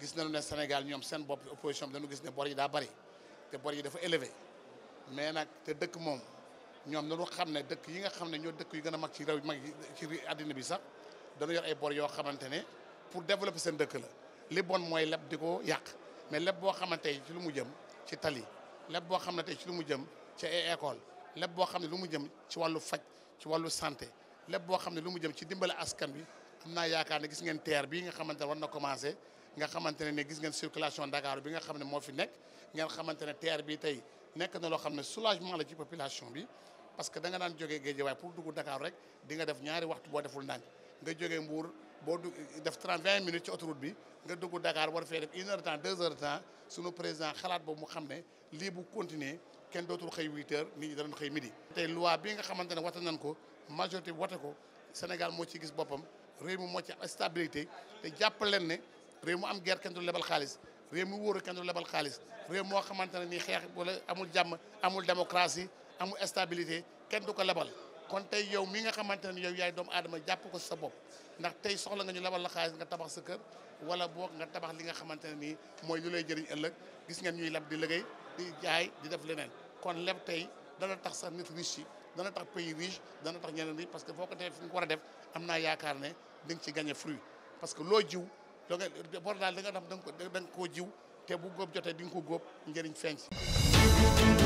gis nañu ne Sénégal ñoom seen bopp opposition bi dañu gis ne bor yi daa bari te bor yi dafa élevé mais nag te dëkk moom ñoom dañu xam ne dëkk yi nga xam ne ñoo dëkk yi gën a mag ci réew mag ci àddina bi sax dañu yor ay bor yoo xamante ne pour développer seen dëkk la li bon mooy leb di ko yàq mais leb boo xamante ne ci lu mu jëm ci tali leb boo xam ne tey ci lu mu jëm ci ay école leb boo xam ne lu mu jëm ci wàllu faj ci wàllu santé leb boo xam ne lu mu jëm ci dimbale askan bi am naa yaakaar ne gis ngeen teer bii nga xamante ne war na commencé nga xamantene ne gis ngeen circulation Dakar bi nga xamne mo fi nek ngeen xamantene ne bi tay nek na lo xamne soulagement la ci population bi parce que da nga nan joge jógee way pour dugg Dakar rek di nga def ñaari waxtu bo deful ndànk nga joge Mbour bo def 30 20 minutes ci autoroute bi nga dugg Dakar war fe def 1 heure temps 2 heures temps sunu président xalaat bo mu xamne li bu continuer ken dotul xëy 8 heures nit ñi danañ xëy midi. tay loi bi nga xamantene ne wate nañ ko majorité wate ko Sénégal mo ci gis bopam réew mo ci stabilité te jappalen ne. réew mu am guerre kenn du lebal xaalis réew mu wóor kenn du lebal xaalis réew moo xamante ne nii xeex wala amul jàmm amul démocratie amul stabilité kenn du ko lebal kon tey yow mi nga xamante ne yow yaay doomu aadama jàpp ko sa bopp ndax tey soxla nga ñu lebal la xaalis nga tabax sa kër wala boog nga tabax li nga xamante ne nii mooy lu lay jëriñ ëllëg gis ngeen ñuy leb di liggéey di jaay di def leneen kon leb tey dana tax sa nit riche yi dana tax pays riche dana tax ñeneen riche parce que foo ko defee fi nga ko war a def am naa yaakaar ne di nga ci gagné fruit parce que loo jiw da nga euh, bor daal da nga xam da nga ko da nga koo jiw te bu góob jotee di nga ko góob njëriñ feeñ si